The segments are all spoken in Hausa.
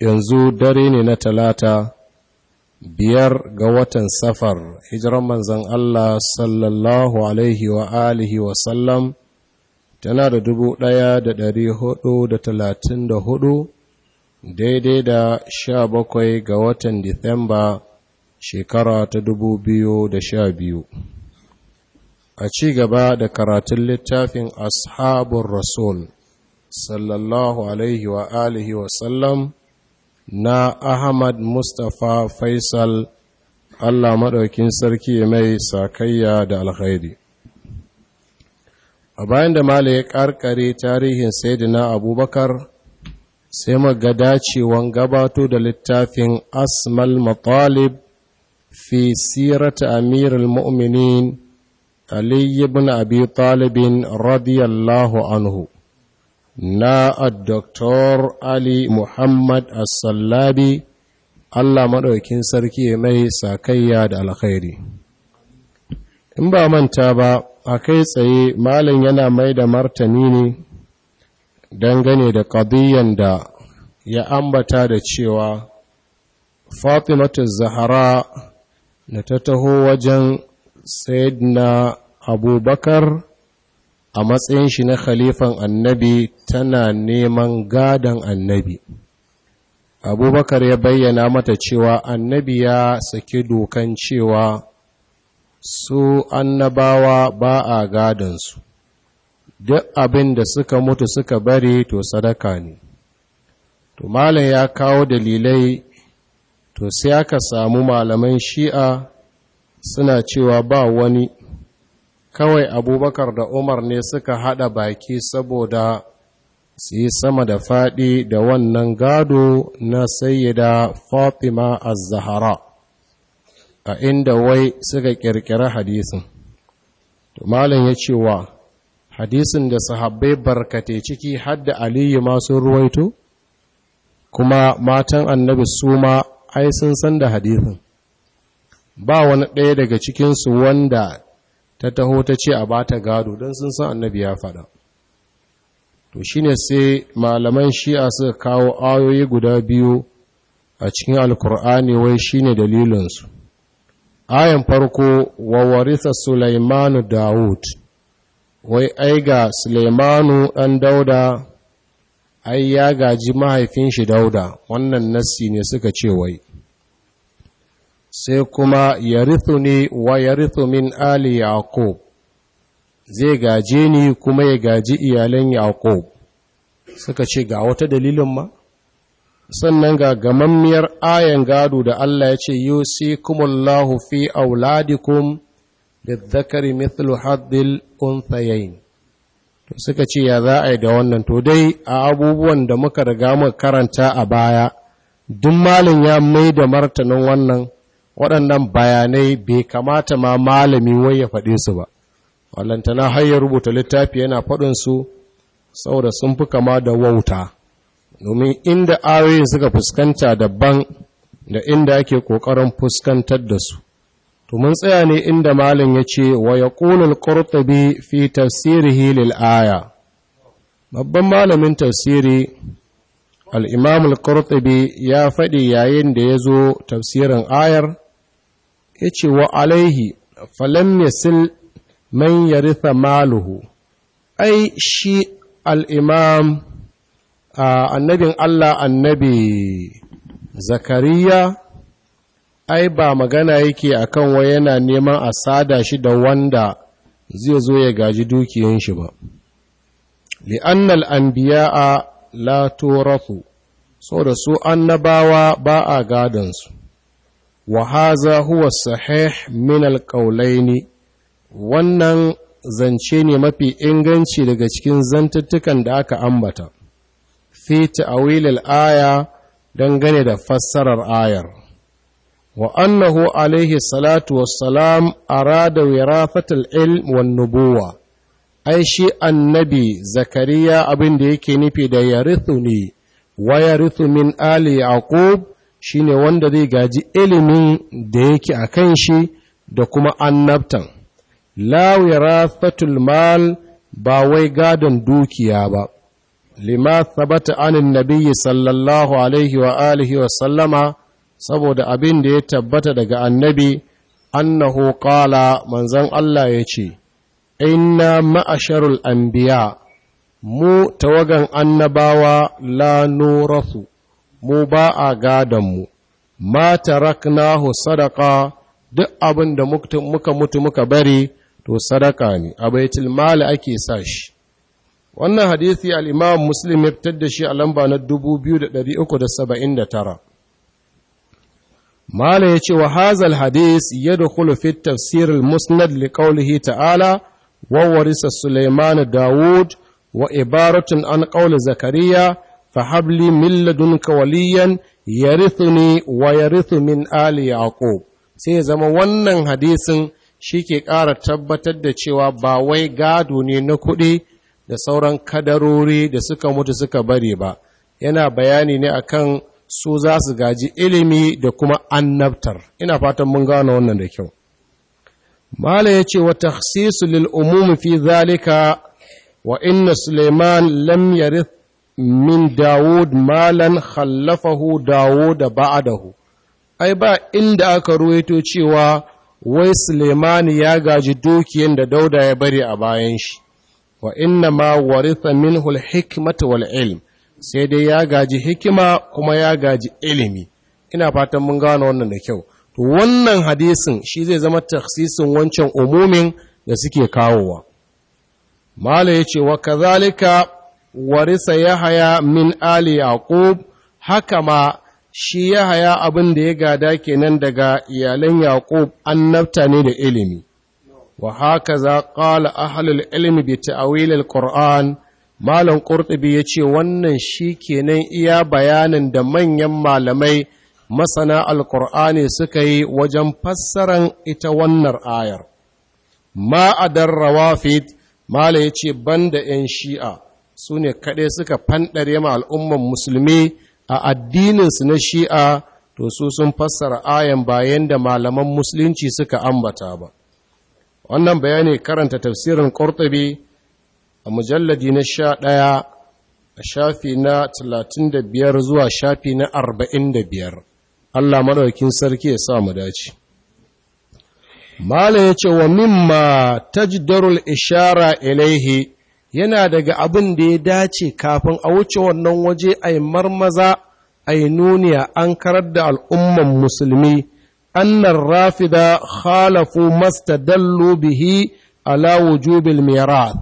yanzu dare ne na talata biyar ga watan safar hijiran manzan Allah sallallahu alaihi wa alihi wa sallam tana da dubu ɗaya da ɗari hudu da talatin da hudu daidai da sha bakwai ga watan disamba shekara ta dubu biyu da sha biyu a ci gaba da karatun littafin ashabun rasul sallallahu alaihi wa alihi wa sallam na Ahmad Mustapha Faisal Allah maɗaukin sarki mai sakayya da alkhairi. A bayan da Mala ya ƙarƙare tarihin Sayyidina Abubakar sai maga dacewan gabato da littafin Asmal Matalib fi sirata Amirul Mu'minin Ali ibn Abi Talibin radiyallahu anhu. na Dr. Ali Muhammad Assalabi, Allah maɗaukin sarki mai sakayya da alkhairi. In ba manta ba, a kai tsaye malin yana mai da martani ne dangane da ƙadiyyan da ya ambata da cewa fatimata Zahara da ta taho wajen na Abubakar a matsayin shi na khalifan annabi tana neman gadon annabi abubakar ya bayyana mata cewa annabi ya saki dokan cewa su annabawa ba a gadansu duk abin da suka mutu suka bare, to sadaka ne to malam ya kawo dalilai to sai aka samu malaman shi'a suna cewa ba wani kawai abubakar da umar ne suka haɗa baki saboda su yi sama da faɗi da wannan gado na sayyida fatima a zahara a inda wai suka ƙirƙira hadisin malam ya ce wa hadisin da sahabbai barkate ciki hadda aliyu masu ruwaito kuma matan annabi su ma ai sun san da hadisin ba wani ɗaya daga cikinsu wanda ta taho ta ce a bata gado don sun san annabi ya faɗa to shine sai malaman shi'a suka kawo ayoyi guda biyu a cikin alkur'ani wai shine dalilinsu ayan farko wa warisa sulaimanu dawud wai ai ga sulaimanu ɗan dauda ai ya gaji mahaifin shi dauda wannan nassi ne suka ce wai sai kuma ya ne wa yarithu min ali yaqub zai gaje ni kuma ya gaji iyalan yaqub suka ce ga wata dalilin ma sannan ga gamammiyar ayan gado da Allah ya ce yusikumullahu fi auladikum lizzakari mithlu haddil unthayain to suka ce ya za a yi da wannan to dai a abubuwan da muka riga muka karanta a baya duk malin ya mai da martanin wannan waɗannan bayanai bai kamata ma malami wai ya faɗe su ba wallantana har ya rubuta littafi yana faɗin su saboda sun fi kama da wauta domin inda ayoyin suka fuskanta daban da inda ake ƙoƙarin fuskantar da su to mun tsaya ne inda malin ya ce wa ya ƙunul ƙortabi fi tafsirihi lil aya babban malamin tafsiri al'imamul ƙortabi ya faɗi yayin da ya zo tafsirin ayar ya ce wa alaihi falam yasil man yaritha maluhu ai shi al-imam annabin Allah annabi zakariya ai ba magana yake akan wa yana neman a sada shi da wanda zai zo ya gaji dukiyan shi ba li'annal anbiya'a la turathu so da su annabawa ba a gadansu wa haza huwa sahih min wannan zance ne mafi inganci daga cikin zantuttukan da aka ambata fi ta'wil aya dangane da fassarar ayar wa annahu alaihi salatu wassalam arada wirafatul ilm wan nubuwa ai shi annabi zakariya abin da yake nufi da yarithuni ne wa yarithu min ali yaqub Shi ne wanda zai gaji ilimin da yake a kan shi da kuma annabtan lawi rafatul mal ba wai gadon dukiya ba lima sabata anin nabiyyi sallallahu alaihi wa alihi wa sallama saboda abin da ya tabbata daga annabi annahu qala manzon Allah ya ce inna ma'asharul anbiya mu tawagan annabawa la nurasu mu ba a gadon mu, ma taraknahu sadaka duk abin da muka mutu muka bari to sadaka ne a baitul mali ake sa shi wannan hadisi al-imam muslim ya fitar da shi a lamba na 2379 mala ya wa hazal hadis yadkhulu fi tafsir al-musnad liqawlihi ta'ala wa warisa sulaiman daud wa ibaratun an qawl zakariya fahabli min ladunka waliyan yarithuni wa yarithu min ali yaqub sai ya zama wannan hadisin shi ke ƙara tabbatar da cewa ba wai gado ne na kuɗi da sauran kadarori da suka mutu suka bari ba yana bayani ne akan su za su gaji ilimi da kuma annabtar ina fatan mun gano wannan da kyau mala ya ce wa takhsisu lil umumi fi zalika wa inna suleiman lam yarith min Dawud malan khallafahu Dawud Ba'adahu, ai ba inda aka ruwaito cewa wai Sulemani ya gaji dukiyan da Dauda ya bari a bayan shi wa inna ma waritha minhu al-hikmata wal ilm sai dai ya gaji hikima kuma ya gaji ilimi ina fatan mun gano wannan da kyau to wannan hadisin shi zai zama taksisin wancan umumin da suke kawowa mala yace wa kazalika warisa ya haya min ali yaqub haka ma shi ya haya abin da ya gada kenan daga iyalan yaqub annabta ne da ilimi wa haka za qala ahlul ilmi bi ta'wil al-qur'an malam qurtubi yace wannan shi kenan iya bayanin da manyan malamai masana alkur'ani suka yi wajen fassaran ita wannan ayar ma adar rawafid Malam ya ce ban da ‘yan shi'a su ne kaɗai suka fanɗare ma al'umman musulmi a addininsu na shi'a to su sun fassara ayan bayan da malaman musulunci suka ambata ba wannan bayani karanta tafsirin ƙortabi a mujalladi na sha ɗaya a shafi na talatin da biyar zuwa shafi na arba'in da biyar allah maɗaukin sarki ya sa mu dace Malam ya ce wa mimma darul ishara ilaihi yana daga abin da ya dace kafin a wuce wannan waje a yi marmaza a yi nuniya an karar da al'umman musulmi annan rafida khalafu mastadallu bihi ala wujubil mirath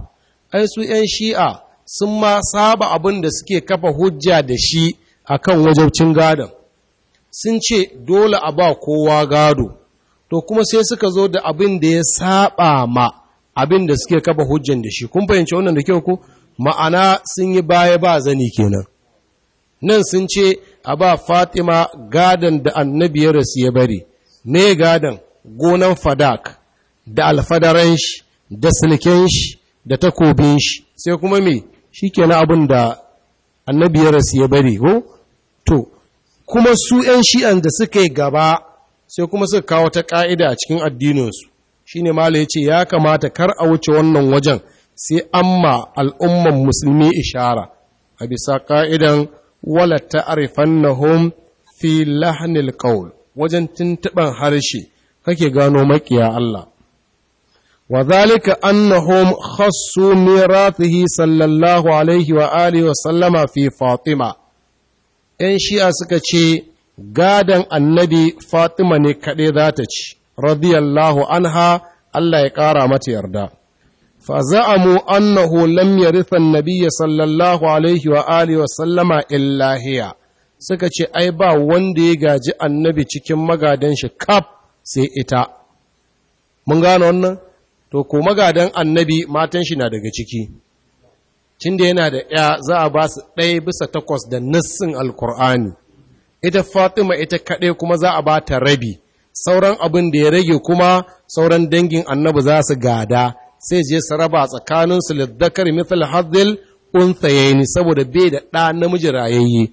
ai su ‘yan shi'a sun ma saba abin da suke kafa hujja da shi a kan wajabcin gadon sun ce dole a ba kowa gado to kuma sai suka zo da abin da ya saba ma abin da suke kafa hujjan da shi kun fahimci wannan da kyau ko ma'ana sun yi baya ba zani kenan nan sun ce a ba fatima gadon da annabi ya rasu ya bari me gadan gonan fadak da alfadaran shi da silken shi da takobin shi sai kuma me shi abin da annabi ya rasu ya bari ko to kuma su 'yan shi'an da suka yi gaba sai kuma suka kawo ta ƙa'ida a cikin addininsu shine mala yace ya kamata kar a wuce wannan wajen sai amma al'umman musulmi ishara a bisa ka'idan wala ta'rifannahum fi lahnil qawl wajen tuntuban harshe kake gano makiya Allah wa zalika annahum khassu mirathihi sallallahu alaihi wa alihi wa sallama fi fatima ‘yan shi'a suka ce, Gadon annabi Fatima ne kaɗai za ta ci, radiyallahu anha Allah ya ƙara mata yarda. Fa فزعموا أنه لم يرث sallallahu alaihi wa alihi wa sallama illa hiya suka ce ai ba wanda ya gaji annabi cikin magadan shi kaf sai ita mun gano wannan to ko magadan annabi matan shi na daga ciki tunda yana da ya za a ba su ɗaya bisa takwas da nassin alkur'ani ita fatima ita kaɗai kuma za a ba ta rabi sauran abin da ya rage kuma sauran dangin annabi za su gada sai je su raba tsakanin su liddakar mithal hadhil unthayaini saboda bai da ɗa namiji rayayye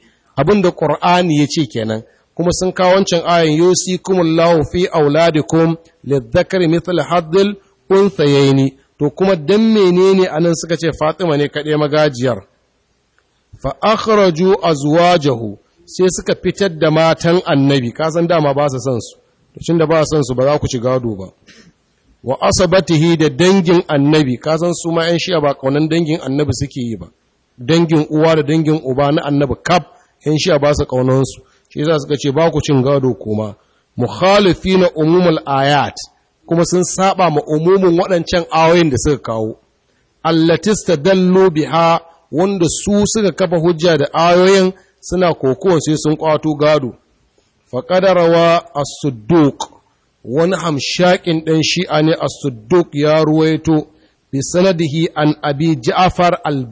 abin da qur'ani ya ce kenan kuma sun kawo wancan ayan yusikumullahu fi auladikum liddakar mithal hadhil unthayaini to kuma dan menene anan suka ce Fatima ne kaɗai magajiyar fa akhraju azwajahu sai suka fitar da matan annabi kasan dama ba su san su tun da ba san su ba za ku ci gado ba wa asabatihi da dangin annabi ka san su ma yan shi'a ba kaunan dangin annabi suke yi ba dangin uwa da dangin uba na annabi kaf yan shi'a ba su kaunan su shi yasa suka ce ba ku cin gado kuma mukhalifina umumul ayat kuma sun saba ma umumin waɗancan ayoyin da suka kawo allatista dallo biha wanda su suka kafa hujja da ayoyin suna kokowa sai sun kwato gado rawa a sudduq wani hamshakin ɗan shi'a ne a sudduq ya ruwaito bi sanadihi an abi ja'far al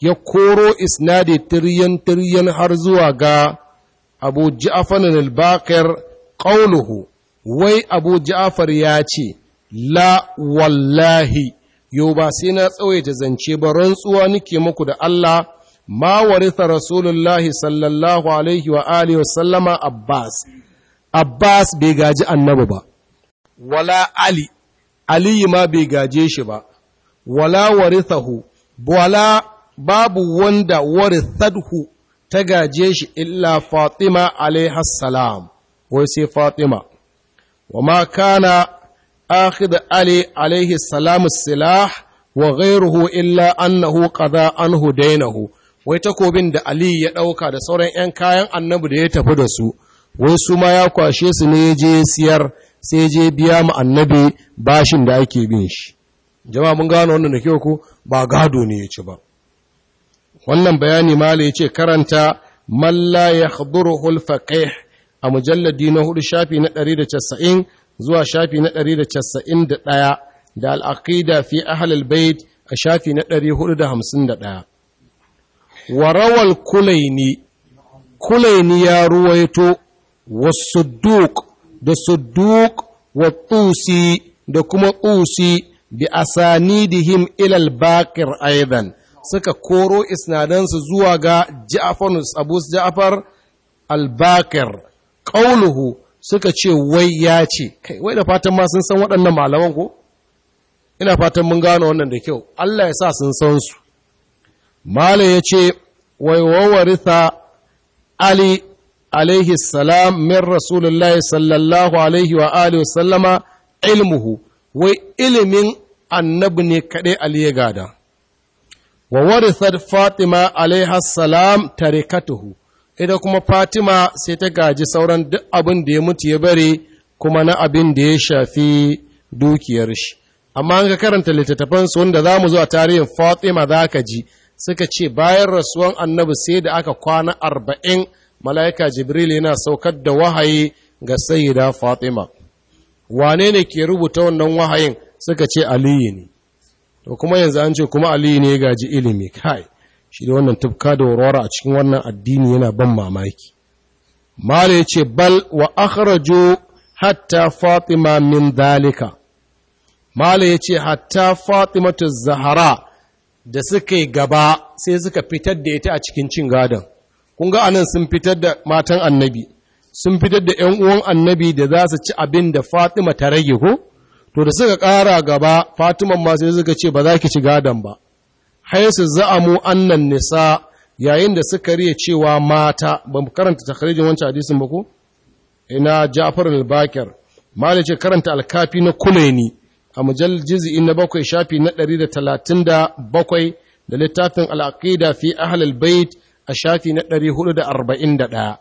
ya koro isnadi tiryan tiryan har zuwa ga abu ja'far al-bakir qawluhu wai abu ja'far ya ce la wallahi yau ba sai na tsawaita zance ba rantsuwa nake muku da Allah ma waritha rasulullahi sallallahu alaihi wa alihi abbas abbas bai gaji annabi ba wala ali ali ma bai gaje shi ba wala warithahu wala babu wanda warithadhu ta gaje shi illa fatima alaiha salam wai sai fatima wa ma kana akhidh ali alaihi salam wa gairuhu illa annahu qada anhu dainahu wai takobin da Ali ya ɗauka da sauran ‘yan kayan annabi da ya tafi da su, wai su ma ya kwashe su ne je siyar sai je biya ma annabi bashin da ake bin shi. Jama mun gano wannan da kyau ko, ba gado ne ya ci ba. Wannan bayani mala ya ce karanta malla ya haduruhul a mujalladi na hudu shafi na ɗari da casa'in zuwa shafi na ɗari da casa'in da al'aƙida fi ahlul bait a shafi na ɗari hudu da da hamsin ɗaya. warawal kulaini kulaini ya ruwaito Suduk da wa والطوسي da kuma طوسي him ilal الباقر Aidan, suka koro isnadansu zuwa ga Ja'far Abu Ja'far al-Baqir qauluhu suka ce wai ya ce kai wai da fatan ma sun san waɗannan malaman ko ina fatan mun gano wannan da kyau Allah ya sa sun san su Mala ya ce, wai wawarita Ali alaihi salam min Rasulullah sallallahu alaihi wa alihi sallama ilmuhu, wai ilimin annabi ne kaɗai Ali ya gada. Wa Fatima alaihi salam tarikatuhu, Idan kuma Fatima sai ta gaji sauran duk abin da ya mutu ya bari kuma na abin da ya shafi dukiyar shi. Amma an ka karanta littattafansu wanda za mu zo tarihin Fatima za ka ji, suka ce bayan rasuwan annabi sai da aka kwana arba'in mala'ika jibril yana saukar da wahayi ga sayyida fatima wane ne ke rubuta wannan wahayin suka ce aliyu ne to kuma yanzu an ce kuma aliyu ne gaji ilimi kai shi da wannan tufka da warwara a cikin wannan addini yana ban mamaki mala ya ce bal wa akhrajo hatta fatima min dalika mala ya ce hatta fatima ta zahara da suka gaba sai suka fitar da ita a cikin cin gadon kun ga anan sun fitar da matan annabi sun fitar da 'yan uwan annabi da za su ci abin da fatima ta rage ko to da suka ƙara gaba Fatima ma sai suka ce ba za ki ci gadon ba haisu za'amu annan nisa yayin da suka riya cewa mata ba mu karanta takharijin wancan hadisin ba ko ina Ja'far al-Bakir malice karanta alkafi na na Kulaini a mujal juz'i na bakwai shafi na ɗari da talatin da da bakwai littafin al’aƙida fi fi ahlul bait a shafi na ɗari da da arba'in ɗaya.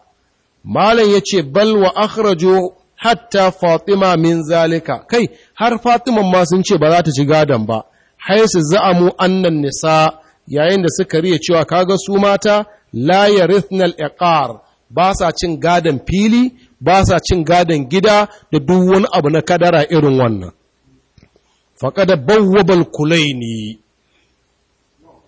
malam ya bal wa akhrajo hatta fatima min zalika kai har Fatima ma sun ce ba za ta ci gadon ba haisu za'amu annan nisa yayin da suka riya cewa kaga su mata la yarithnal iqar ba sa cin gadon fili ba sa cin gadon gida da duk wani abu na kadara irin wannan da bawwabal kulaini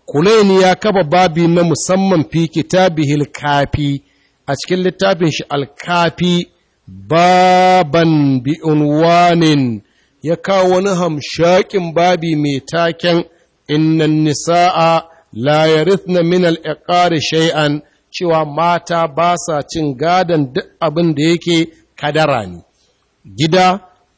kulaini ya kaba babi na musamman fi kitabihil kafi a cikin littafin shi alkafi baban bi unwanin ya kawo wani hamshakin babi mai taken innan nisa'a la yarithna min al-iqari shay'an cewa mata ba sa cin gadon duk abin da yake kadara ne gida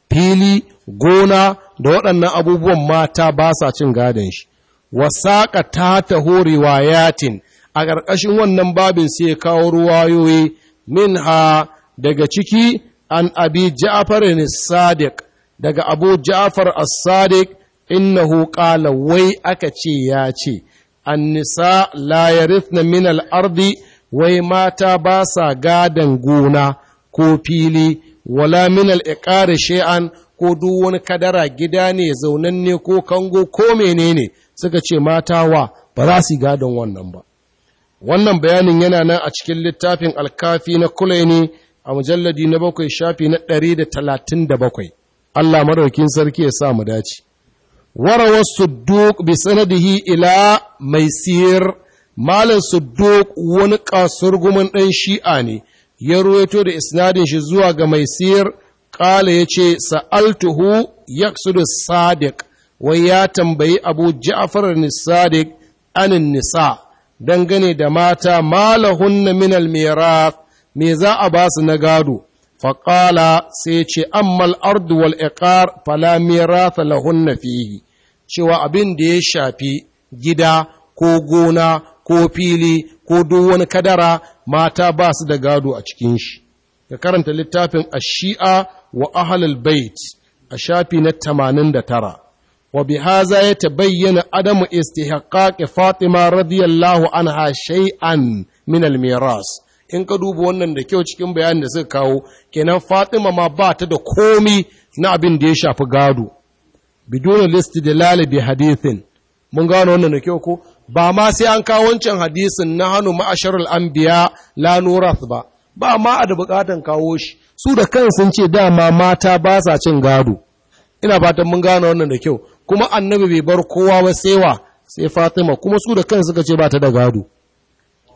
fili gona da waɗannan abubuwan mata ba sa cin gadon shi wasaƙa ta ta horewa yatin a ƙarƙashin wannan babin sai kawo ruwayoyi min ha daga ciki an abi ja'far sadiq daga abu ja'far as-sadiq innahu qala wai aka ce ya ce annisa la yarithna min al-ardi wai mata ba sa gadan gona ko fili wala min al-iqari shay'an ko duk wani kadara gida ne zaunan ne, ko kango ko menene suka ce mata wa ba za su gadon wannan ba wannan bayanin yana nan a cikin littafin alkafi na Kulai ne a mujalladi na bakwai shafi na ɗari da talatin da bakwai Allah maraukin sarki ya sa mu dace warawar sudduk bi sanadihi ila mai siyar malin sudduk wani kasurgumin ɗan shi'a ne ya ruwaito da isnadin shi zuwa ga mai siyar ƙala ya ce sa'altuhu yaksudu sadiq wai ya tambayi abu ja'far sadiq anin nisa dangane da mata malahunna min almiraf me za a ba su na gado faƙala sai ce ammal arduwal wal fala miratha lahunna fihi cewa abin da ya shafi gida ko gona ko fili ko duk wani kadara mata ba su da gado a cikin shi Ka karanta littafin ashi'a wa ahlul bait a shafi na 89 wa bihaza ya tabayyana adamu istihqaqi fatima radiyallahu anha shay'an min al-miras in ka duba wannan da kyau cikin bayanin da suka kawo kenan fatima ma ba ta da komi na abin da ya shafi gado bidon da bi hadithin mun gano wannan da kyau ko ba ma sai an kawo wancan hadisin na hannu ma'asharul anbiya la nurath ba ba ma a da bukatan kawo shi su da kan sun ce dama mata ba sa cin gado ina fatan mun gane wannan da kyau kuma annabi bai bar kowa ba saiwa sai fatima kuma su da kan suka ce ba ta da gado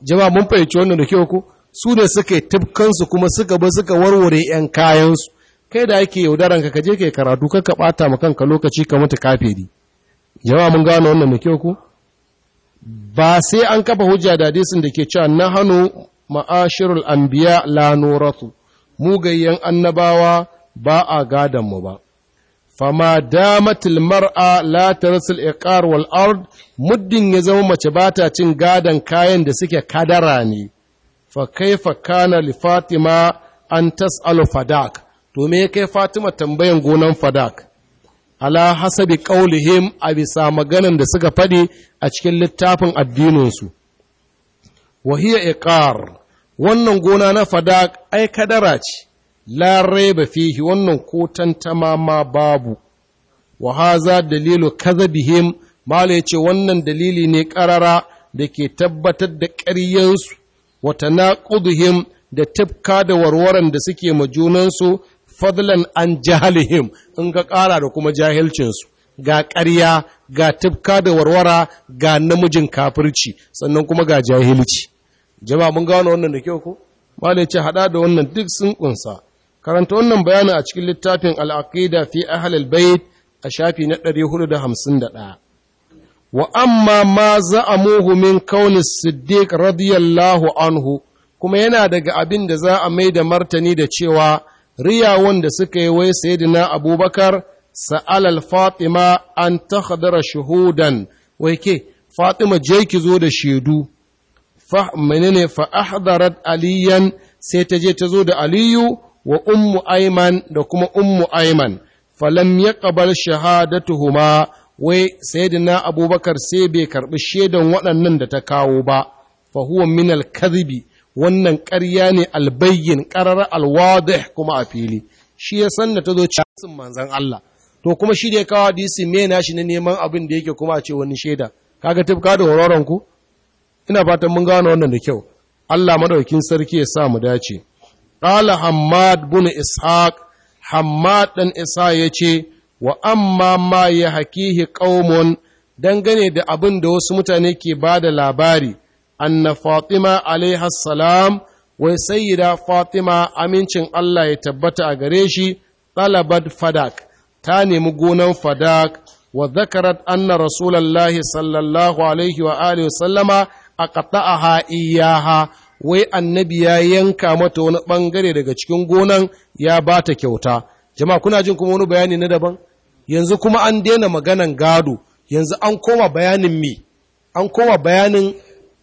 jama'a mun fahimci wannan da kyau ko su ne suka yi tafkansu kuma suka ba suka warware 'yan kayansu kai da ake yaudaran ka je kai karatu ka ka ɓata ma kanka lokaci ka mutu kafiri jama'a mun gane wannan da kyau ko ba sai an kafa hujja da hadisin da ke cewa na ma'ashirul anbiya la nuratu Mugayen annabawa ba a gadonmu ba. Fama damatil mar'a la iqar wal ard muddin ya zama mace ba ta cin gadon kayan da suke kadara ne, fa kaifa kana li Fatima an tas'alu fadak, to me kai Fatima tambayan gonan fadak, ala hasabi ƙaulihim a bisa maganan da suka faɗi a cikin littafin addininsu. Wahiya iqar wannan gona na fadak ai kadara ce la raiba fihi wannan kotan ta ma babu wa haza dalilu kadhabihim mala yace wannan dalili ne ƙarara da ke tabbatar da ƙaryansu wa tanaquduhum da tafka da warwaran da suke ma junansu fadlan an jahalihim in ka ƙara da kuma jahilcinsu ga ƙarya ga tafka da warwara ga namijin kafirci sannan kuma ga jahilci jama'a mun gano wannan da kyau ko malai ce hada da wannan duk sun kunsa karanta wannan bayanin a cikin littafin al fi ahl bait a shafi na 451 wa amma ma za'amuhu min kauni siddiq radiyallahu anhu kuma yana daga abin da za a mai da martani da cewa riyawan da suka yi wai sayyidina abubakar sa'alal fatima an ta shuhudan wai ke fatima je ki zo da shaidu menene fa ahdarat aliyan sai ta je ta zo da aliyu wa ummu aiman da kuma ummu aiman falam shahada shahadatuhuma wai sayyidina abubakar sai bai karbi shaidan waɗannan da ta kawo ba fa huwa min al wannan ƙarya ne albayyin ƙarar alwadih kuma a fili shi ya san da ta zo cikin manzon Allah to kuma shi da ya kawo hadisi me na shi ne neman abin da yake kuma a ce wani shaida kaga tafka da wararan ku ina fatan mun gano wannan da kyau Allah madaukin sarki ya sa mu dace qala hammad bin ishaq hammad dan isa yace wa amma ma ya hakihi qaumun dangane da abin da wasu mutane ke ba da labari anna fatima alaiha salam wai sayyida fatima amincin Allah ya tabbata a gare shi talabat fadak ta nemi gonan fadak wa zakarat anna rasulullahi sallallahu alaihi wa alihi sallama a ƙata'aha iyaha wai annabi ya yanka mata wani bangare daga cikin gonan ya ba ta kyauta jama'a kuna jin kuma wani bayani na daban yanzu kuma an daina maganan gado yanzu an koma bayanin mi an koma bayanin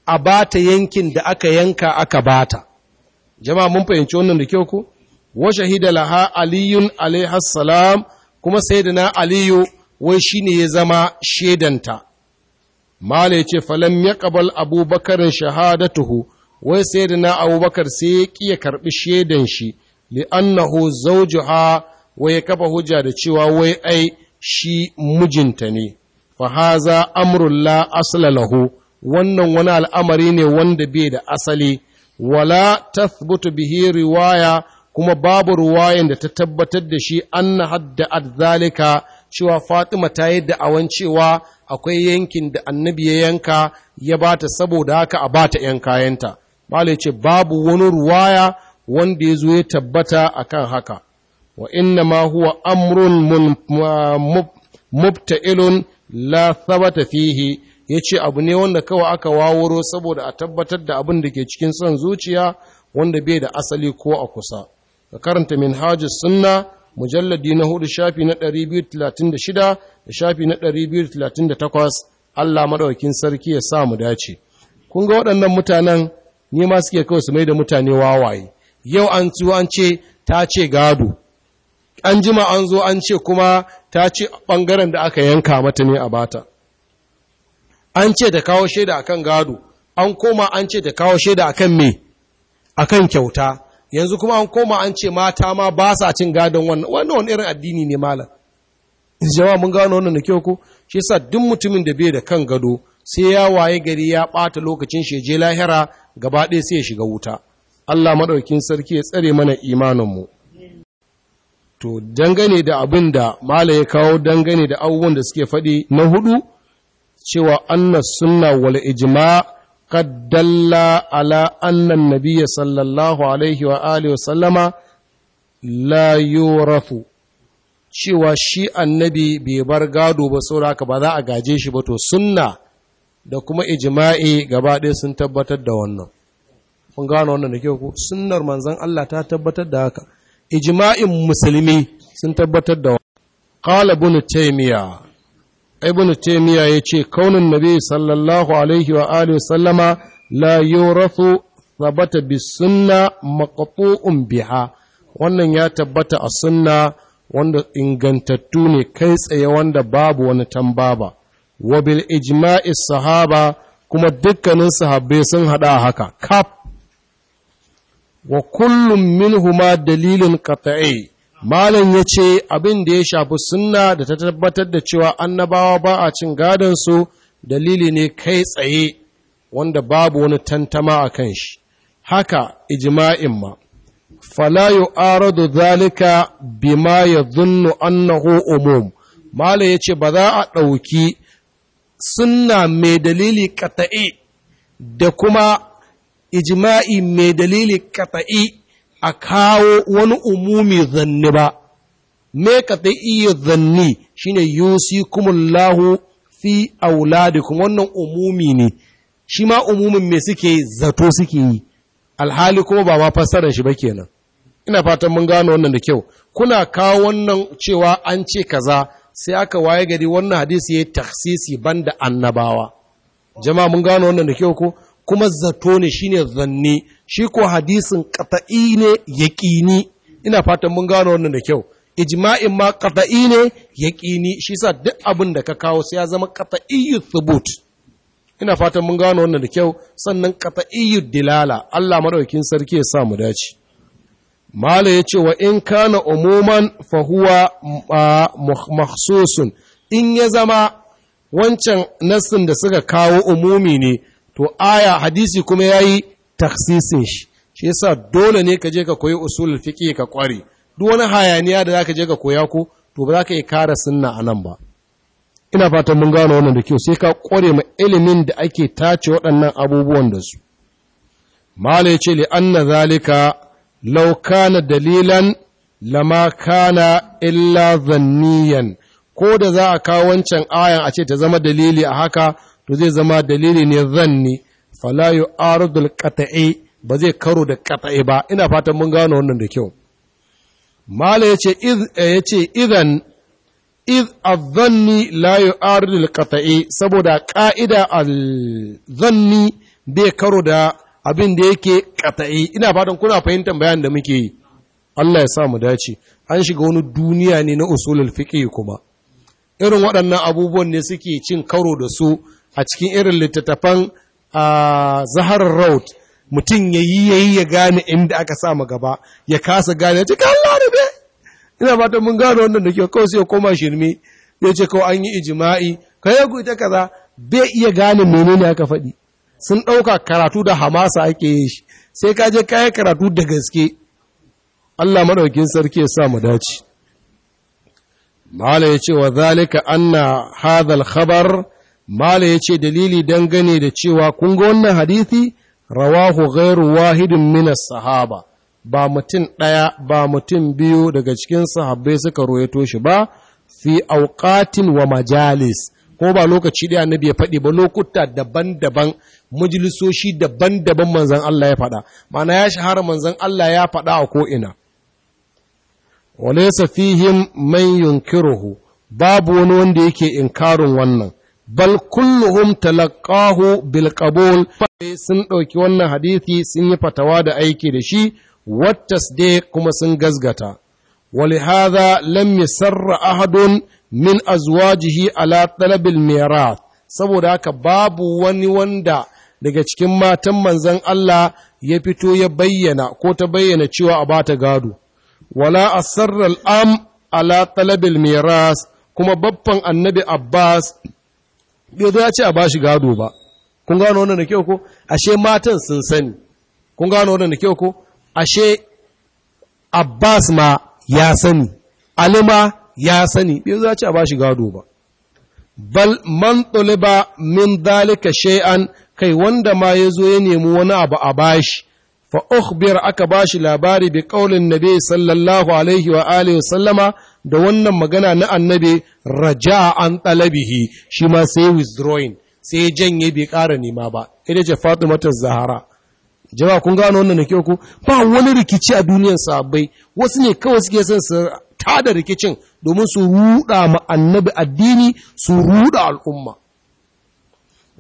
a bata yankin da aka yanka aka bata jama'a mun fahimci wannan da kyau ku wa shahida laha aliyun alaihi salam kuma sayyidina aliyu wai shine ya zama shedanta mala ya ce falam ya ƙabal abubakarin shahadatuhu wai sai da na abubakar sai ya ƙi ya karɓi shaidan shi li'annahu ha, wai ya kafa hujja da cewa wai ai shi mijinta ne fahaza Amrullah amrun lahu wannan wani al'amari ne wanda bai da asali wala tathbutu bihi riwaya kuma babu ruwayan da ta tabbatar da shi anna hadda zalika cewa Fatima ta yi da'awan cewa akwai yankin da annabi ya yanka ya ba ta saboda haka a ba bata ‘yan kayanta. Malai ce babu wani ruwaya wanda ya zo ya tabbata a kan haka. Wa inna ma huwa amrun mubta'ilun la sabata fihi ya ce abu ne wanda kawai aka wawuro saboda a tabbatar da abin da ke cikin son zuciya wanda bai da asali ko a kusa. Ka karanta min sunna mujalladi na hudu shafi na 236 da shafi na 238 Allah madaukakin sarki ya sa mu dace kun ga waɗannan mutanen ni ma suke kawai su mai da mutane wawaye yau an ciwo an ce ta ce gado an jima an zo an ce kuma ta ce ɓangaren da aka yanka mata ne a bata an ce ta kawo shaida akan gado an koma an ce ta kawo shaida akan me akan kyauta yanzu kuma an koma an ce mata ma ba sa cin gadon wannan wani irin addini ne malam jama'a mun gano wannan da kyau ko shi yasa duk mutumin da bai da kan gado sai ya waye gari ya ɓata lokacin shi je lahira gaba ɗaya sai ya shiga wuta Allah maɗaukin sarki ya tsare mana imaninmu to dangane da abin da mala ya kawo dangane da abubuwan da suke faɗi na hudu cewa annas sunna wal ijma' قد دل على أن النبي صلى الله عليه وآله وسلم لا cewa shi annabi bai bar gado ba saboda ba za a gaje shi ba to sunna da kuma ijma'i gaba ɗaya sun tabbatar da wannan kun gano wannan da kyau ko sunnar manzon Allah ta tabbatar da haka ijma'in musulmi sun tabbatar da qala ibn taymiya ibn taymiya ya ce kaunin nabi sallallahu alaihi wa alihi sallama la yurathu thabata bis sunna maqtu'un biha wannan ya tabbata a sunna wanda ingantattu ne kai tsaye wanda babu wani tambaba wa bil ijma'i sahaba kuma dukkanin sahabbai sun hada haka kaf wa kullum minhuma dalilin qat'i Malam ya ce abin da ya shafi sunna da ta tabbatar da cewa annabawa ba a cin gadonsu dalili ne kai tsaye wanda babu wani tantama a kan shi, haka ijima'in ma. Fala da zalika bima ya zunnu annahu umum. Malam ya ce ba za a ɗauki sunna mai dalili kata'i da kuma ijima'i mai dalili kata'i a kawo wani umumi zanni ba, me ka ta iya zanni shi ne yusi kumullahu fi auladikum wannan umumi ne, shi ma umumin me suke zato suke yi, alhali kuma ba ma fassarar shi ba kenan. Ina fatan mun gano wannan da kyau, kuna kawo wannan cewa an ce kaza sai aka waye gari wannan hadisi ya yi taksisi da annabawa. Jama'a mun gano wannan da kyau ko? kuma zato ne shine zanne shi ko hadisin kata'i ne yaqini ina fatan mun gano wannan da kyau ijma'in ma kata'i ne yaqini shi sa duk abin da ka kawo sai ya zama qata'iyyut thubut ina fatan mun gano wannan da kyau sannan qata'iyyud dilala Allah madaukakin sarki ya sa mu dace mala yace wa in kana umuman fa huwa in ya zama wancan nassin da suka kawo umumi ne to aya hadisi kuma yayi taksisin shi shi yasa dole ne ka je ka koyi usulul fiqh ka kware duk wani hayaniya da zaka je ka koya ko to ba za ka yi kara sunna a nan ba ina fatan mun gano wannan da kyau sai ka kware ma ilimin da ake tace waɗannan abubuwan da su mala yace li anna zalika law kana dalilan lama kana illa zanniyan ko da za a kawo wancan ayan a ce ta zama dalili a haka to zai zama dalili ne zanni falayu yu'aridul qata'i ba zai karo da qata'i ba ina fatan mun gano wannan da kyau mala yace iz eh, yace idan iz adhanni la yu'aridul qata'i saboda ƙa'ida al-dhanni bai karo da abin da yake qata'i ina fatan kuna fahimtar bayanin da muke Allah ya sa mu dace an shiga wani duniya ne na usulul fiqh kuma irin waɗannan abubuwan ne suke cin karo da su a cikin irin littattafan a zaharar road mutum ya yi ya yi ya gane inda aka sa gaba ya kasa gane ya ce kalla da be ina fata mun gane wannan da ke, kawai sai ya koma shirme ya ce kawai an yi ijima'i ka yi ita kaza bai iya gane menene aka faɗi sun ɗauka karatu da hamasa ake yi shi sai ka je kayan karatu da gaske Allah maɗaukin sarki ya sa mu dace Malam ya ce wa zalika anna hadhal khabar Mala ya ce dalili dangane da cewa kun ga wannan hadithi rawahu ghairu wahidin minas sahaba ba mutum ɗaya ba mutum biyu daga cikin sahabbai suka royato shi ba fi auqatin wa majalis ko ba lokaci ɗaya na ya faɗi ba lokuta daban-daban majalisoshi daban-daban manzon Allah ya faɗa ma'ana ya shahara manzon Allah ya faɗa a ko'ina walaysa fihim man yunkiruhu babu wani wanda yake inkarin wannan bal talakahu talaqahu bil qabul sun ɗauki wannan hadisi sun yi fatawa da aiki da shi wattasdiq kuma sun gazgata ولهذا لم يسر أحد من أزواجه على طلب الميراث saboda haka babu wani wanda daga cikin matan manzon Allah ya fito ya bayyana ko ta bayyana cewa a bata gado wala asarra al'am ala talabil miras kuma baffan annabi Abbas bai zo ya ce a ba shi gado ba kun gano wannan da kyau ko ashe matan sun sani kun gano wannan da kyau ko ashe Abbas ma ya sani Alima ya sani bai zo ya ce a ba shi gado ba bal man tuliba min dalika shay'an kai wanda ma ya zo ya nemi wani abu a bashi fa ukhbir aka bashi labari bi qaulin nabi sallallahu alaihi wa alihi wa sallama da wannan magana na annabi raja an talabihi shi ma sai withdrawing sai ya janye bai ƙara nema ba ita ce ta zahara jama kun gano wannan nake ku ba wani rikici a duniyar sabai wasu ne kawai suke son su tada rikicin domin su ruda ma annabi addini su ruda al'umma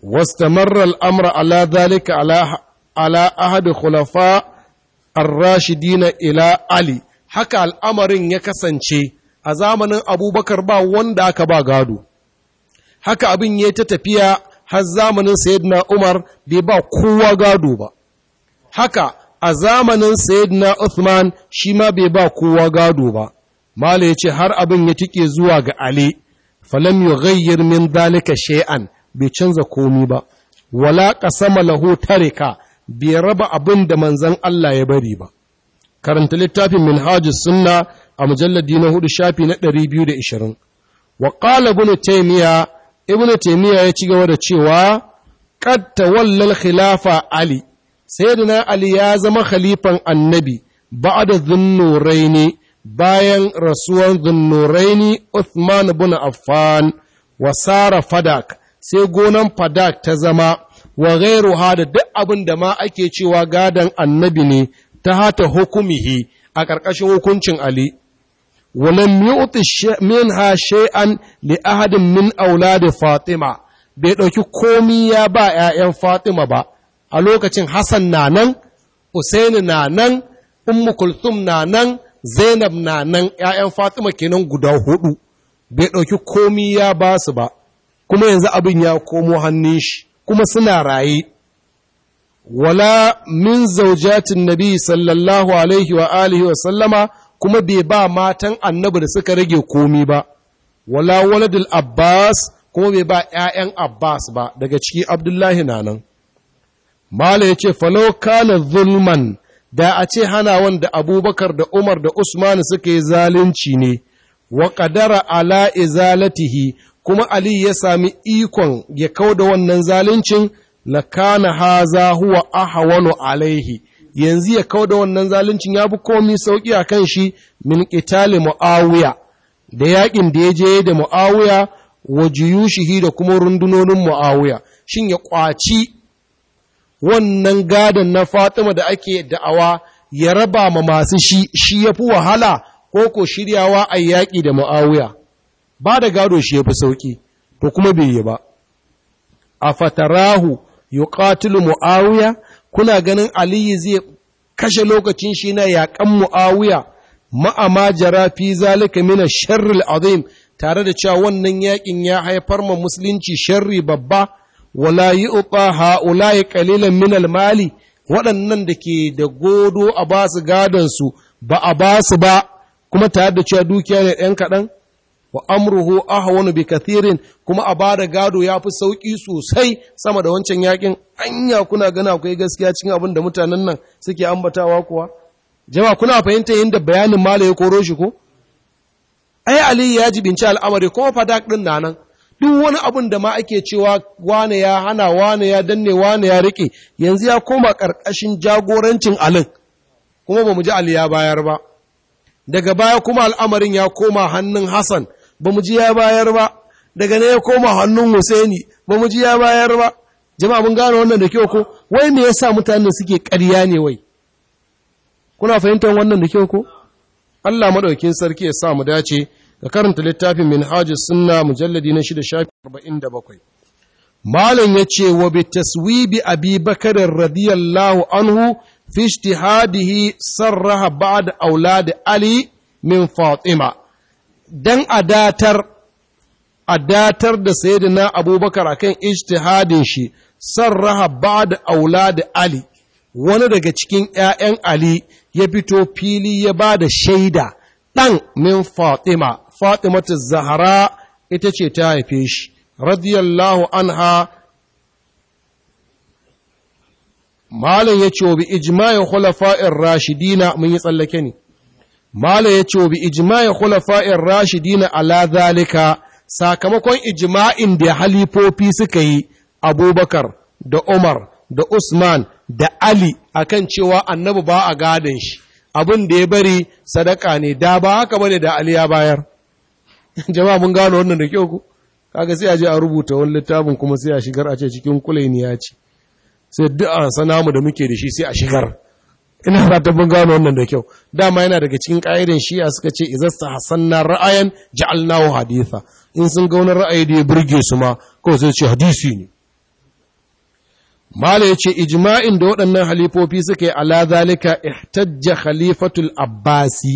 واستمر الأمر على ذلك على على أحد خلفاء الراشدين إلى علي haka al'amarin ya kasance a zamanin abubakar ba wanda aka ba gado haka abin ya ta tafiya har zamanin sayyidina umar bai ba kowa gado ba haka a zamanin sayyidina uthman shi ma bai ba kowa gado ba mala ya ce har abin ya tike zuwa ga ali falam yughayyir min dalika shay'an bai canza komi ba wala qasama lahu tarika bai raba abin da manzon Allah ya bari ba karanta littafin minhajus sunna a mujalladi na hudu shafi na ishirin. wa ƙala ibn taymiya ibn taymiya ya ci gaba da cewa qad khilafa ali sayyidina ali ya zama khalifan annabi ba'da dhunnuraini bayan rasuwan dhunnuraini uthman ibn affan wa sara fadak sai gonan fadak ta zama wa ghairuha da duk abin da ma ake cewa gadon annabi ne ta hata hukumihi a ƙarƙashin hukuncin ali ولم يعطي منها min لأحد من أولاد فاطمة bai ɗauki komi ya ba ‘ya'yan Fatima ba, a lokacin Hassan na nan, Usaini na nan, Ummu Kulthum na nan, Zainab na nan ‘ya'yan Fatima kenan guda hudu, bai ɗauki komi ya ba su ba, kuma yanzu abin ya komo hannun shi, kuma suna raye. Wala min zaujatin Nabi sallallahu alaihi wa alihi wa sallama kuma bai ba matan annabi da suka rage komi ba wala waladul abbas kuma bai ba 'ya'yan abbas ba daga ciki abdullahi na nan mala ya ce falau kana zulman da a ce hana wanda abubakar da umar da usman suka yi zalunci ne wa qadara ala izalatihi kuma ali ya sami ikon ya da wannan zaluncin lakana haza huwa ahwanu alaihi yanzu ya da wannan zaluncin ya bi komi sauƙi a kan shi min qitali muawiya da yaƙin da ya je da muawiya wa shihi da kuma rundunonin muawiya shin ya ƙwaci wannan gadon na Fatima da ake da'awa ya raba ma masu shi shi fi wahala ko ko shiryawa a yaƙi da muawiya ba da gado shi ya fi sauki to kuma bai yi ba a fatarahu yuqatilu muawiya kuna ganin aliyu zai kashe lokacin shi na yaƙan mu'awiya ma'ama jara fi zalika mina sharri azim tare da cewa wannan yaƙin ya haifar ma musulunci sharri babba wala yi uqa ha'ula ya ƙalilan minal mali waɗannan da ke da godo a basu gadon su ba a basu ba kuma tare da cewa dukiya ne ɗan kaɗan wa amruhu ahwanu bi kathirin kuma a bada gado ya fi sauki sosai sama da wancan yakin anya kuna gana akwai gaskiya cikin abin da mutanen nan suke ambatawa kuwa jama'a kuna fahimta yadda bayanin mala ya koro shi ko ai ali ya jibinci al'amari kuma fadak din na nan duk wani abin da ma ake cewa wane ya hana wane ya danne wane ya rike yanzu ya koma karkashin jagorancin alin kuma ba mu ji ali ya bayar ba daga baya kuma al'amarin ya koma hannun hassan ba mu ji ya bayar ba daga ne ya koma hannun Husaini ba mu ji ya bayar ba jama'a mun gane wannan da kyau ko wai me yasa mutane suke karya ne wai kuna fahimtar wannan da kyau ko Allah madaukakin sarki ya sa mu dace ka karanta littafin Minhajus Sunna mujalladi na 6 shafi 47 Malam ya ce wa bi taswibi Abi Bakar radiyallahu anhu fi ijtihadihi sarraha ba'd auladi Ali min Fatima don a datar a datar da sayyidina abubakar akan ijtihadin shi sarraha ba da aula da ali wani daga cikin 'ya'yan ali ya fito fili ya ba da shaida ɗan min fatima fatimata Zahra zahara ita ce ta haife shi radiyallahu anha malam ya ce wa bi ijma'in khulafa'ir rashidina mun yi tsallake ne Mala ya ce, bi ijma'in khulafa'in rashidina ala zalika, sakamakon ijma'in da halifofi suka yi, Abubakar da Umar da Usman da Ali akan cewa annabi ba a gadon shi, abin da ya bari sadaka ne, da ba haka bane da Ali ya bayar. Jama'a mun gano wannan da kyau ku, kaga sai a je a rubuta wani littafin kuma sai a shigar a ce cikin kulai kulainiya ce, sai duk a sanamu da muke da shi sai a shigar. ina ba ta bin gano wannan da kyau dama yana daga cikin ƙa'idan shi'a suka ce izasta hasanna ra'ayan ja'alnahu haditha in sun ga wani ra'ayi da ya burge su ma kawai sai ce hadisi ne mala yace ijma'in da waɗannan halifofi suka yi ala zalika ihtajja khalifatul abbasi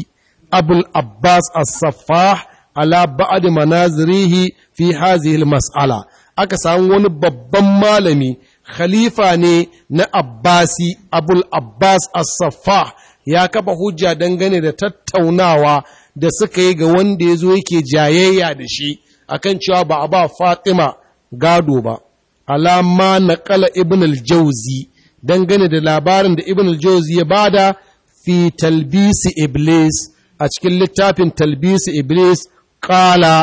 abul abbas as-saffah ala ba'd manazirihi fi hazihi al-mas'ala aka samu wani babban malami khalifa ne na Abbasi Abul Abbas as saffa ya kafa hujja dangane da tattaunawa da suka yi ga wanda yazo zo yake jayayya da shi akan cewa ba a ba Fatima gado ba alama naqala Ibn al-Jawzi dangane da labarin da Ibn al-Jawzi ya bada fi talbisi Iblis a cikin littafin talbisi Iblis kala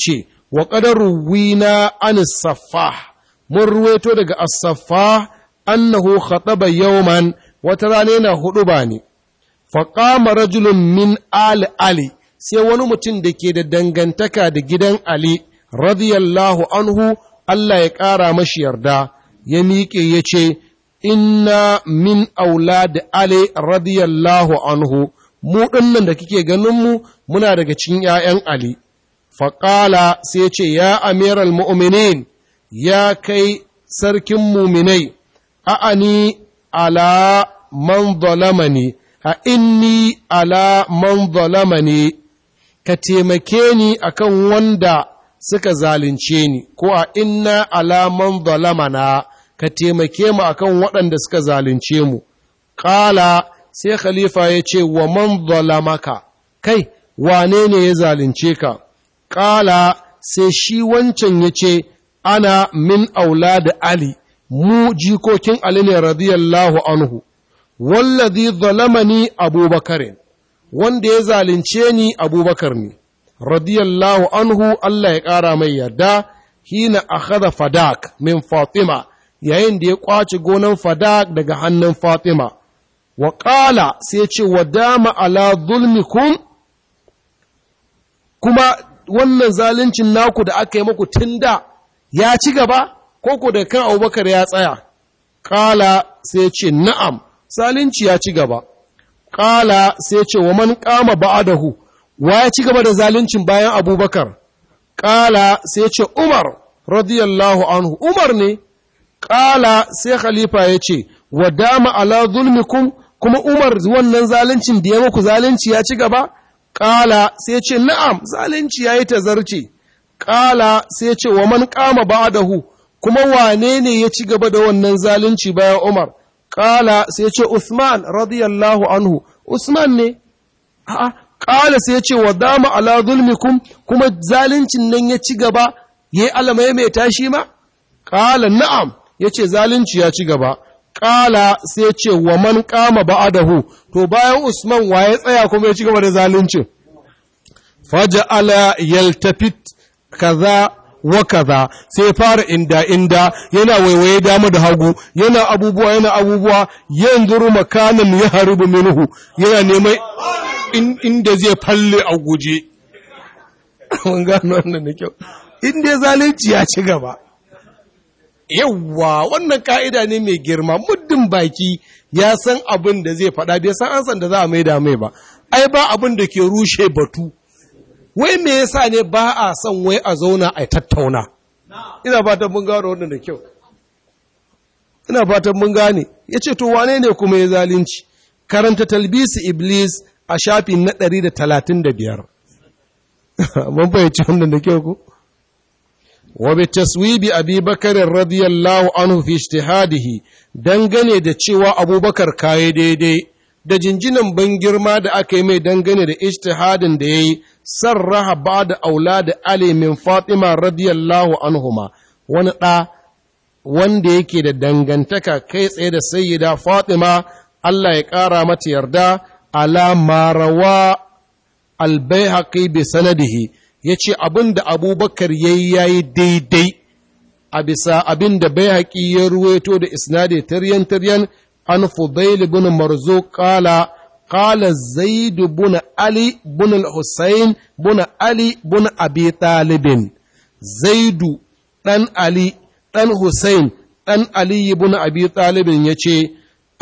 ce. wa qadar ruwina an saffah mun ruweto daga asaffa annahu khataba yawman wata rana yana ba ne fa qama rajulun min ali ali sai wani mutum da ke da dangantaka da gidan ali radiyallahu anhu Allah ya ƙara mashi yarda ya miƙe ya ce inna min aula da ali radiyallahu anhu mu ɗinnan da kike ganinmu muna daga cikin ‘ya'yan ali faƙala sai ce ya amiral mu'minin ya kai sarkin muminai, a'ani ala man zalamani, a inni ala man zalamani, ka taimake ni akan wanda suka zalunce ni, ko a inna ala man zalamana, ka taimake mu akan waɗanda suka zalunce mu. Ƙala sai Khalifa ya ce, wa man zalamaka, kai, wane ne ya zalunce ka? Ƙala sai shi wancan ya ce, ana min da ali mu jikokin ali ne radiyallahu anhu wallazi zalamani abubakar wanda ya zalunce ni abubakar ne radiyallahu anhu Allah ya ƙara mai yarda hina akhadha fadak min fatima yayin da ya kwace gonan fadak daga hannun fatima wa ƙala sai ce wa dama ala zulmikum kuma wannan zaluncin naku da aka yi muku tun da ya ci gaba ko ko da kan abubakar ya tsaya ƙala sai ce na'am Salinci ya ci gaba ƙala sai ce wa man ƙama ba'adahu wa ya ci gaba da zaluncin bayan abubakar ƙala sai ce umar radiyallahu anhu umar ne ƙala sai khalifa ya ce wa dama ala zulmikum kuma umar wannan zaluncin da ya muku zalunci ya ci gaba ƙala sai ce na'am zalunci ya yi tazarce ƙala sai ce wa man ƙama ba da hu kuma wane ne ya ci gaba da wannan zalunci bayan umar ƙala sai ce usman radiyallahu anhu usman ne a'a ƙala sai ce wa dama ala zulmikum kuma zaluncin nan ya ci gaba yayi alamai mai tashi ma ƙala na'am yace zalunci ya ci gaba ƙala sai ce wa man ƙama hu to bayan Usman wa ya tsaya kuma ya ci gaba da zaluncin faja'ala yaltafit kaza wa kaza sai fara inda inda yana waiwaye dama da hagu yana abubuwa yana abubuwa yanzuru makanan ya haribu minuhu yana neman inda zai falle a guje mun gano wannan da kyau zalunci ya ci gaba yawwa wannan ka'ida ne mai girma muddin baki ya san abin da zai faɗa bai san san da za a maida mai ba ai ba abin da ke rushe batu wai me yasa ne ba a son wai a zauna a tattauna ina fatan mun gano wannan da kyau ina fatan mun gane yace to wane ne kuma ya zalunci karanta talbisi iblis a shafin na 135 mun fahimci wannan da kyau ko taswibi أبي بكر رضي الله عنه في اجتهاده dangane da cewa abubakar kai daidai da jinjinan ban girma da aka yi mai dangane da ijtihadin da ya yi sarraha ba da aula da Ali min Fatima radiyallahu anhuma wani ɗa wanda yake da dangantaka kai tsaye da sayyida Fatima Allah ya ƙara mata yarda ala marawa albayhaqi bi sanadihi yace abinda da Abubakar yayi yayi daidai a bisa abinda da haƙi ya ruwaito da isnadi taryan taryan an Fudail ibn Marzuq qala قال زيد بن علي بن الحسين بن علي بن أبي طالب زيد ɗan Ali, ɗan Hussein, ɗan Ali ibn Abi Talibin ya ce,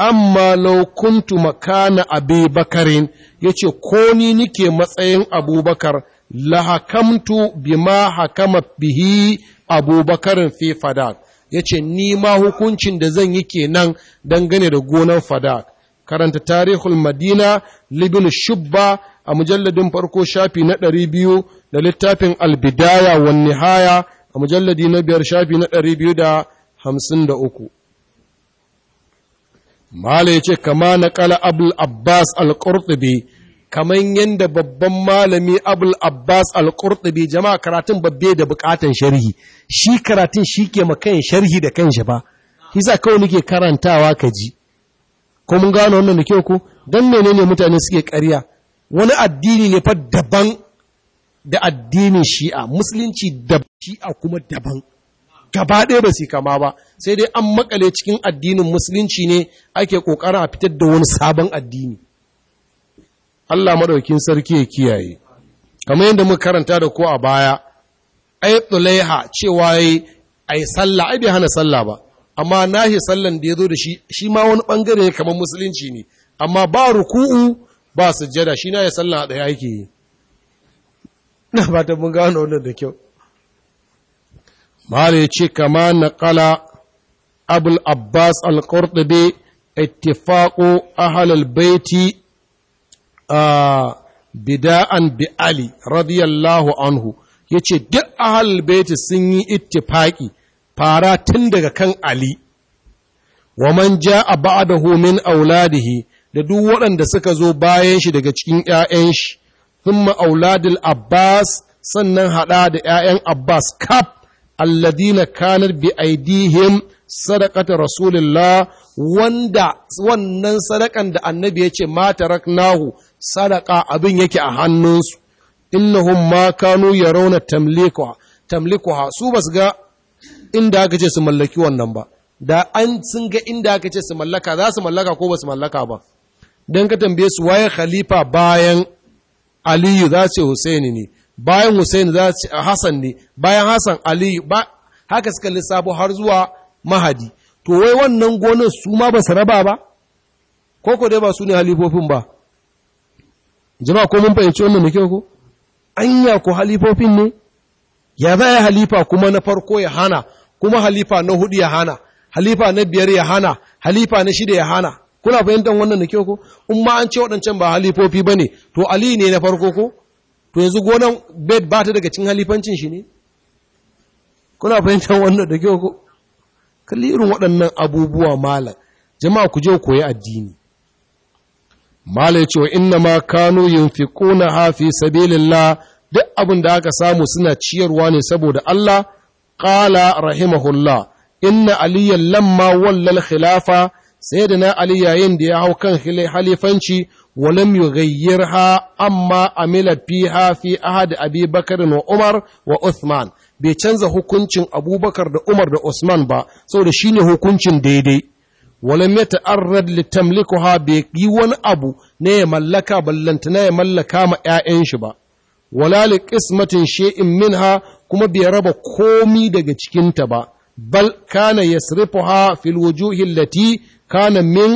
Amma laukuntu makana abi bakarin ya Ko ni nike matsayin abubakar, lahakamtu bima hakama bihi abubakarin fi fadak. Ya Ni ma hukuncin da zan yi kenan dangane da gonar fadak. karanta tarihul madina libin shubba a mujalladin farko shafi na ɗari biyu da littafin albidaya wa nihaya a mujalladi na biyar shafi na ɗari biyu da hamsin da uku mala ya ce kama na ƙala abul abbas al-qurtubi kamar yadda babban malami abul abbas al-qurtubi jama'a karatun babbe da bukatan sharhi shi karatun shi ke makayin sharhi da kanshi ba shi sa kawai nake karantawa ka ji ko mun gano wannan da kyau ko dan menene mutane suke ƙarya wani addini ne fa daban da addinin shi'a musulunci da shi'a kuma daban gaba ɗaya ba su kama ba sai dai an makale cikin addinin musulunci ne ake ƙoƙarin a fitar da wani sabon addini Allah maɗaukin sarki ya kiyaye kamar yadda muka karanta da ko a baya ai tsulaiha cewa ai sallah ai bai hana sallah ba amma nahi sallan da ya zo da shi shi ma wani ɓangare kamar musulunci ne amma ba ruku'u ba sujjada shi na ya sallan a ɗaya yake yi na ba ta mun gano wannan da kyau mala ce kama na kala abul abbas al-qurtubi ittifaqu ahlul baiti bida'an bi ali radiyallahu anhu yace duk ahlul baiti sun yi ittifaqi fara tun daga kan Ali, wa man ja a homin min auladihi da duk waɗanda suka zo bayan shi daga cikin ‘ya'yan shi, thumma auladil Abbas sannan haɗa da ‘ya'yan Abbas kaf, alladina kanar bi aidihim sadakata Rasulullah wanda wannan sadakan da annabi ya ce mata raknahu sadaka abin yake a hannunsu, innahum ma kanu ya rauna tamlikuwa, su basu ga inda aka ce su mallaki wannan ba da an sun ga inda aka ce su mallaka za su mallaka ko ba su mallaka ba don ka tambaye su waye khalifa bayan aliyu za ce husaini ne bayan husaini za ce hassan ne bayan hassan aliyu ba haka suka lissafo har zuwa mahadi to wai wannan gonar su ma ba su raba ba ko ko dai ba su ne halifofin ba jama'a ko mun fahimci wannan nake ko anya ko halifofin ne ya za yi halifa kuma na farko ya hana kuma halifa na hudu ya hana halifa na biyar ya hana halifa na shida ya hana kuna fahimtar wannan da kyau ko in ma an ce waɗancan ba halifofi ba ne to ali ne na farko ko to yanzu gonan bed ba ta daga cin halifancin shi ne kuna fahimtar wannan da kyau ko kalli irin waɗannan abubuwa malam jama'a ku je koyi addini malam ya ce wa inna ma kanu yunfiquna hafi fi sabilillah duk abin da aka samu suna ciyarwa ne saboda Allah Ƙala rahima hulla, inna aliyan lamma wallal khilafa sai da na ali yayin da ya hau kan halifanci ولم يغيرها أما أمل فيها في أحد أبي بكر وعمر وعثمان bai canza hukuncin abubakar da umar da usman ba saboda shine hukuncin daidai walam ya ta'arrad li tamlikuha bai yi wani abu na ya mallaka ballanta na ya mallaka ma 'ya'yan shi ba wala li qismatin min ha. kuma bai raba komi daga cikinta ba bal kana yasrifuha fil wujuhi kana min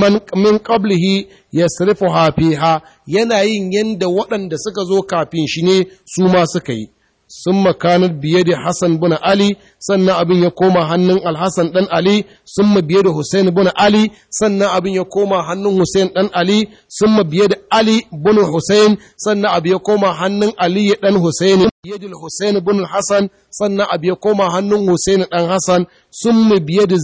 man min qablihi yasrifuha fiha yana yin yanda waɗanda suka zo kafin shi ne su ma suka yi sun makanar biye da Hassan bin Ali, sannan abin ya koma hannun Alhassan dan Ali, sun biye da Hussein bin Ali, sannan abin ya koma hannun Hussein dan Ali, sun biye da Ali bin Hussein, sannan abin ya koma hannun Ali dan Hussein, biye da Hussein bin Hassan, sannan abin ya koma hannun Hussein dan Hassan, sun biye da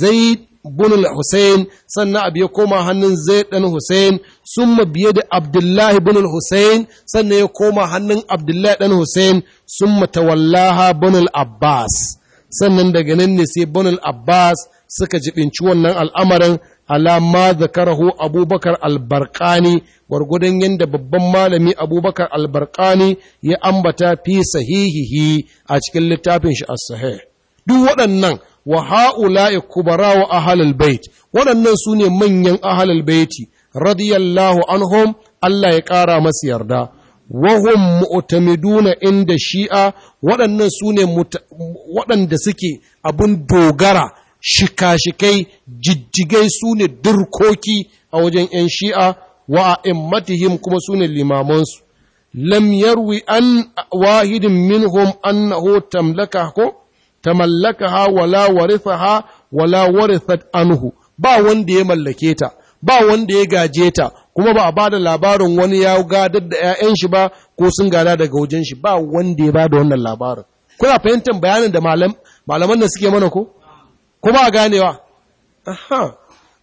Zaid bunul Hussein sannan abu ya koma hannun Zaid ɗan Hussein summa biye da Abdullahi bunul Hussein sannan ya koma hannun Abdullahi dan Hussein summa tawallaha bunul Abbas sannan daga nan ne sai bunul Abbas suka jibinci wannan al'amarin alama zakarahu abubakar albarkani gwargwadon yadda babban malami abubakar albarkani ya ambata fi sahihihi a cikin littafin shi a sahih duk waɗannan wa ha'ula'i kubara wa ahalal bait waɗannan su ne manyan ahalal baiti radiyallahu anhum Allah ya ƙara masa yarda wahum mu'tamiduna inda shi'a waɗannan su ne waɗanda suke abun dogara shika-shikai jijjigai su ne durkoki a wajen ‘yan shi'a wa a'immatihim kuma su ne limamansu lam yarwi an wahidin minhum annahu tamlaka ko tamallakaha wala warithaha wala warithat anhu ba wanda ya mallake ta ba wanda ya gaje ta kuma ba a ba da labarin wani ya gadar da ƴaƴan shi ba ko sun gada daga wajen shi ba wanda ya bada wannan labarin kuna fahimtar bayanin da malam, malaman da suke mana ko kuma ba ganewa aha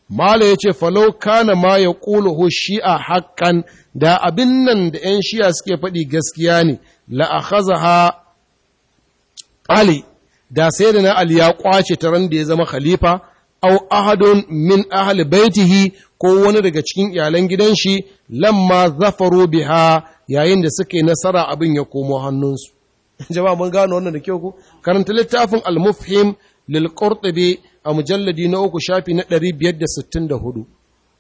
mala ya ce falau kana ma ya hu shi'a haƙƙan da abin nan da ƴan shi'a suke faɗi gaskiya ne akhazaha ali da sai na ali ya kwace taron da ya zama khalifa au ahadun min ahli baitihi ko wani daga cikin iyalan gidan shi lamma zafaru biha yayin da suke nasara abin ya komo hannunsu jama'a mun gano wannan da kyau ku karanta littafin al-mufhim lil qurtubi a mujalladi na uku shafi na 564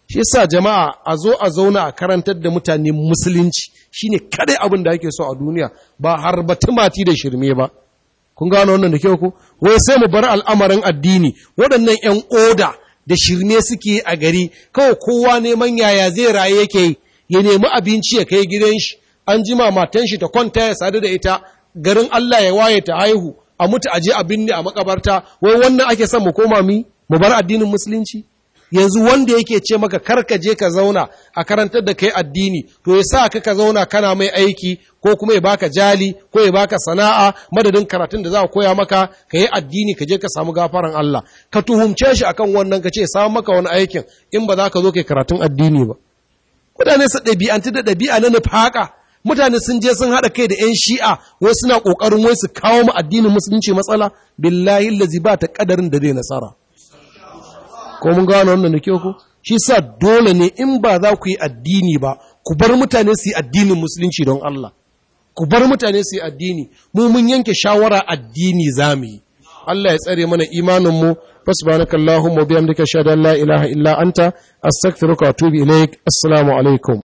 shi yasa jama'a a zo a zauna a karantar da mutane musulunci shine kadai abin da ake so a duniya ba har batumati da shirme ba kun gano wannan da kyau ko wai sai mu bar al'amarin addini waɗannan 'yan oda da shirme suke a gari kawai kowa neman yaya zai raye yake ya nemi abinci ya kai gidan shi an jima matan shi ta kwanta ya sadu da ita garin Allah ya waye ta haihu a mutu a je abin ne a makabarta wai wannan ake son mu koma mi mu bar addinin musulunci yanzu wanda yake ce maka karka je ka zauna a karantar da kai addini to ya sa ka ka zauna kana mai aiki ko kuma ya baka jali ko ya baka sana'a madadin karatun da za a koya maka ka yi addini ka je ka samu gafaran Allah ka tuhumce shi akan wannan ka ce samu maka wani aikin in ba za ka zo kai karatun addini ba mutane su ɗabi'antu da ɗabi'a na nufaka mutane sun je sun haɗa kai da 'yan shi'a wai suna ƙoƙarin wai su kawo mu addinin musulunci matsala billahi lazi ba ta ƙadarin da zai nasara ko mun gano wannan da kyau ko shi sa dole ne in ba za ku yi addini ba ku bar mutane su yi addinin musulunci don Allah ku bar mutane su yi addini mu mun yanke shawara addini za mu yi Allah ya tsare mana imanin mu فسبحانك اللهم وبحمدك an la ilaha illa anta astaghfiruka wa atubu ilaik assalamu alaikum